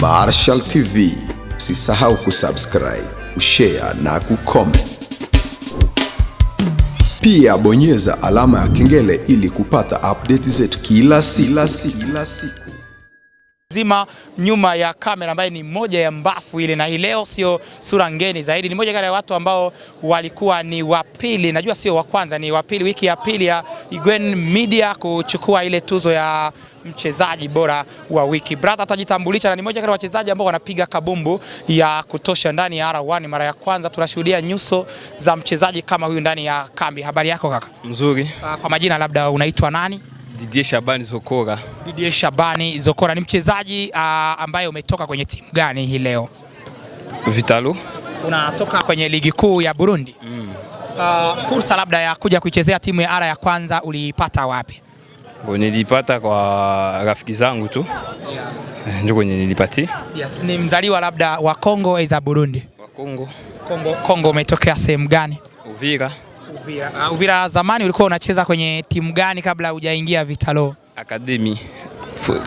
Marshal TV, usisahau kusubscribe, kushare na kucomment. Pia bonyeza alama ya kengele ili kupata update zetu kila siku zima nyuma ya kamera ambaye ni moja ya mbafu ile, na hii leo sio sura ngeni zaidi, ni moja kati ya watu ambao walikuwa ni wa pili, najua sio wa kwanza, ni wa pili, wiki ya pili ya Igwen Media kuchukua ile tuzo ya mchezaji bora wa wiki. Brother atajitambulisha na ni moja kati ya wachezaji ambao wanapiga kabumbu ya kutosha ndani ya R1. Mara ya kwanza tunashuhudia nyuso za mchezaji kama huyu ndani ya kambi. Habari yako kaka? Mzuri. Ah, kwa majina labda unaitwa nani? Didier Shabani Zokora. Didier Shabani Zokora ni mchezaji uh, ambaye umetoka kwenye timu gani hii leo? Vitalo. Unatoka kwenye ligi kuu ya Burundi mm. Uh, fursa labda ya kuja kuichezea timu ya ara ya kwanza uliipata wapi? Nilipata kwa rafiki zangu tu yeah. Ndio kwenye nilipati. Yes, ni mzaliwa labda wa Kongo au za Burundi? Wa Kongo. Kongo, Kongo umetokea sehemu gani? Uvira. Uvira. Uh, Uvira zamani ulikuwa unacheza kwenye timu gani kabla hujaingia Vitalo? Akademi.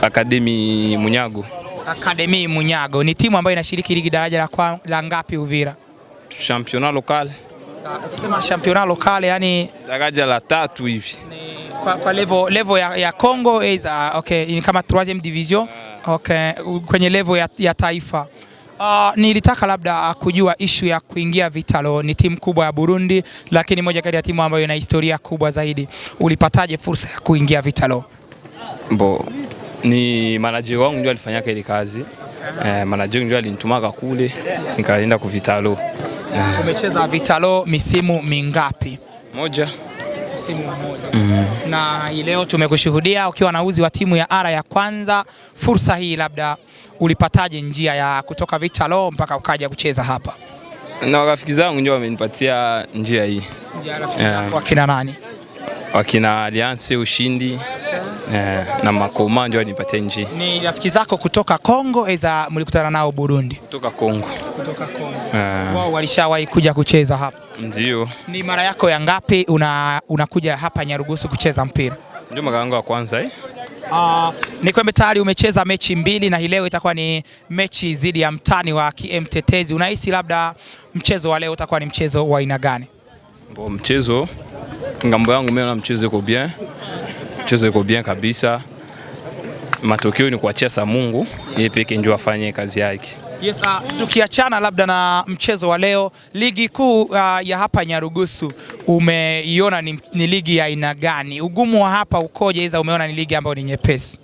Akademi Munyago. Akademi Munyago ni timu ambayo inashiriki ligi daraja la kwa, la ngapi Uvira? Championnat local. Ah, ukisema championnat local yani daraja la tatu hivi. Kwa, kwa level level ya, ya Congo is uh, ah, okay, ni kama 3e division. Okay, kwenye level ya, ya taifa. Uh, nilitaka labda uh, kujua ishu ya kuingia Vitalo. Ni timu kubwa ya Burundi, lakini moja kati ya timu ambayo ina historia kubwa zaidi. Ulipataje fursa ya kuingia Vitalo? bo ni manager wangu ndio alifanyaka ile kazi eh, manager ndio alinitumaka kule nikaenda ku Vitalo. Umecheza Vitalo misimu mingapi? Moja msimu mmoja mm. Na hii leo tumekushuhudia ukiwa na uzi wa timu ya Ara ya kwanza. Fursa hii labda ulipataje njia ya kutoka vita Lo mpaka ukaja kucheza hapa? Na rafiki zangu ndio wamenipatia njia hii. Njia rafiki zangu Wakina nani? Wakina Alliance Ushindi Eh, na makomando umanje wanipatia Ni rafiki zako kutoka Kongo aidha mlikutana nao Burundi? Kutoka Kongo. Kutoka Kongo. Eh. Wao walishawahi kuja kucheza hapa? Ndio. Ni mara yako ya ngapi una unakuja hapa Nyarugusu kucheza mpira? Ndio mara yangu ya kwanza eh. Uh, ni kwamba tayari umecheza mechi mbili na hii leo itakuwa ni mechi dhidi ya mtani wa kimtetezi. Unahisi labda mchezo wa leo utakuwa ni mchezo wa aina gani? Mchezo ngambo yangu mimi na mchezo uko bien mchezo iko bien kabisa, matokeo ni kuachia sa Mungu, yeye pekee ndio afanye kazi yake. Yes, uh, tukiachana labda na mchezo wa leo, ligi kuu uh, ya hapa Nyarugusu umeiona ni, ni ligi ya aina gani? Ugumu wa hapa ukoje? Iza umeona ni ligi ambayo ni nyepesi?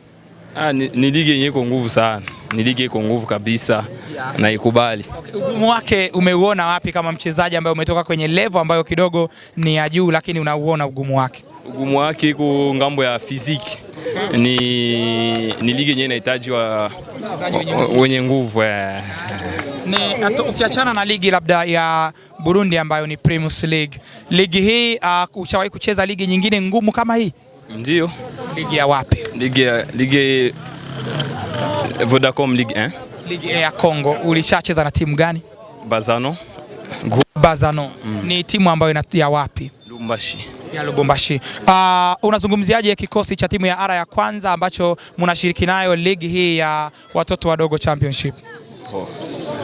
Ah, ni, ni ligi yenye iko nguvu sana, ni ligi iko nguvu kabisa yeah. na ikubali. Okay, ugumu wake umeuona wapi kama mchezaji ambaye umetoka kwenye level ambayo kidogo ni ya juu, lakini unauona ugumu wake? ugumu wake iko ngambo ya fiziki ni, ni ligi yenyewe inahitaji wa, wenye nguvu eh. Ukiachana na ligi labda ya Burundi ambayo ni Primus League, ligi hii uh, ushawahi kucheza ligi nyingine ngumu kama hii? Ndio. Ligi ya wapi? Ligi ya ligi Vodacom ligi eh? Ligi ya Kongo ulishacheza na timu gani? Bazano. Bazano. Mm. Ni timu ambayo ya wapi? Lumbashi ya Lubumbashi. Uh, unazungumziaje kikosi cha timu ya ara ya kwanza ambacho mnashiriki nayo ligi hii ya watoto wadogo championship? Oh.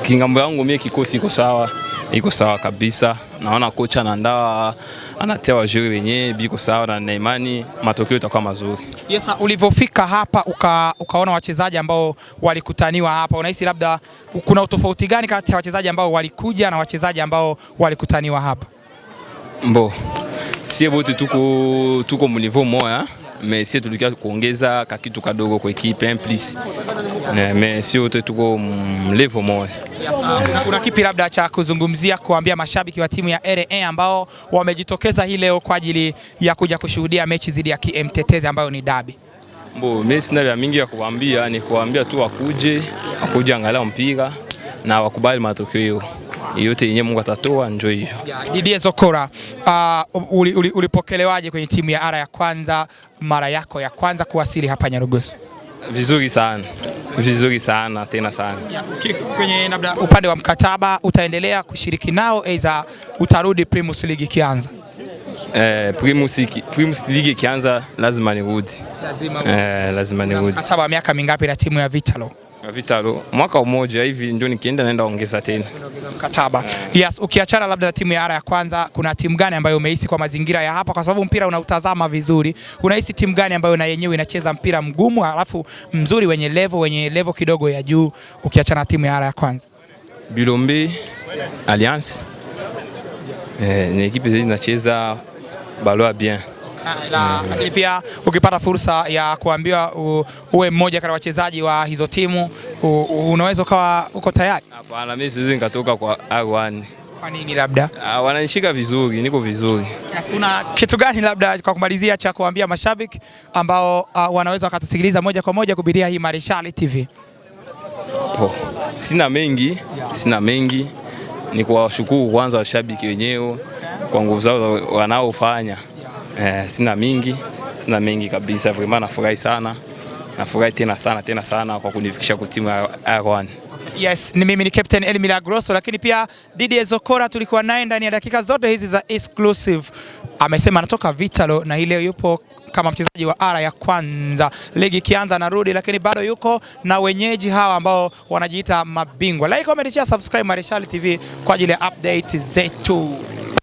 Kingambo yangu mie kikosi iko sawa, iko sawa kabisa. Naona kocha anandaa anatia wajuri wenyewe biko sawa, na naimani matokeo itakuwa mazuri. Yes, ulivyofika hapa uka, ukaona wachezaji ambao walikutaniwa hapa, unahisi labda kuna utofauti gani kati ya wachezaji ambao walikuja na wachezaji ambao walikutaniwa hapa? Mbo sie wote tuko, tuko muniveau moya me sie tulikia kuongeza kakitu kadogo kwa ekipe implis eh, me sie wote tuko mlevo moya. kuna kipi labda cha kuzungumzia kuambia mashabiki wa timu ya RN ambao wamejitokeza hii leo kwa ajili ya kuja kushuhudia mechi dhidi ya Tetezi ambayo ni dabi? Mbo, mimi sina vya mingi ya kuambia, ni kuambia tu wakuje, wakuje angalau mpira na wakubali matokeo yote yenyewe Mungu atatoa, ndio hiyo. Didier Zokora, uh, ulipokelewaje uli kwenye timu ya ara ya kwanza mara yako ya kwanza kuwasili hapa Nyarugusu? Vizuri sana vizuri sana tena sana. Kwenye labda upande wa mkataba utaendelea kushiriki nao aidha utarudi Primus League ikianza? Eh, Primus Primus League ikianza lazima nirudi, lazima, eh, lazima nirudi. Mkataba wa miaka mingapi na timu ya Vitalo? vitalo mwaka mmoja hivi ndio nikienda naenda ongeza tena mkataba. Yes, ukiachana labda na timu ya ara ya kwanza, kuna timu gani ambayo umehisi kwa mazingira ya hapa, kwa sababu mpira unautazama vizuri, unahisi timu gani ambayo na yenyewe inacheza mpira mgumu alafu mzuri wenye levo wenye levo kidogo ya juu, ukiachana na timu ya ara ya kwanza? Bilombe Alliance, eh, ni ekipe zinacheza balo bien Eh, lakini pia ukipata fursa ya kuambiwa u, uwe mmoja kati wachezaji wa hizo timu unaweza ukawa uko tayari? Hapana, mimi siwezi nikatoka kwa R1. Kwa nini? Labda uh, wananishika vizuri, niko vizuri. Kuna kitu gani labda kwa kumalizia cha kuambia mashabiki ambao uh, wanaweza wakatusikiliza moja kwa moja kupitia hii Marishali TV? Po. Sina mengi, sina mengi ni kuwashukuru kwanza washabiki wenyewe kwa nguvu zao wanaofanya Eh, sina mingi, sina mingi kabisa. Vraiment nafurahi sana, nafurahi tena sana tena sana kwa kunifikisha timu ya R1. Yes, ni mimi ni Captain El Milagroso, lakini pia Didier Zokora tulikuwa naye ndani ya dakika zote hizi za exclusive. Amesema anatoka Vitalo na hii leo yupo kama mchezaji wa ara ya kwanza, ligi ikianza anarudi, lakini bado yuko na wenyeji hawa ambao wanajiita mabingwa. Like, comment, share, subscribe Marechal TV kwa ajili ya update zetu.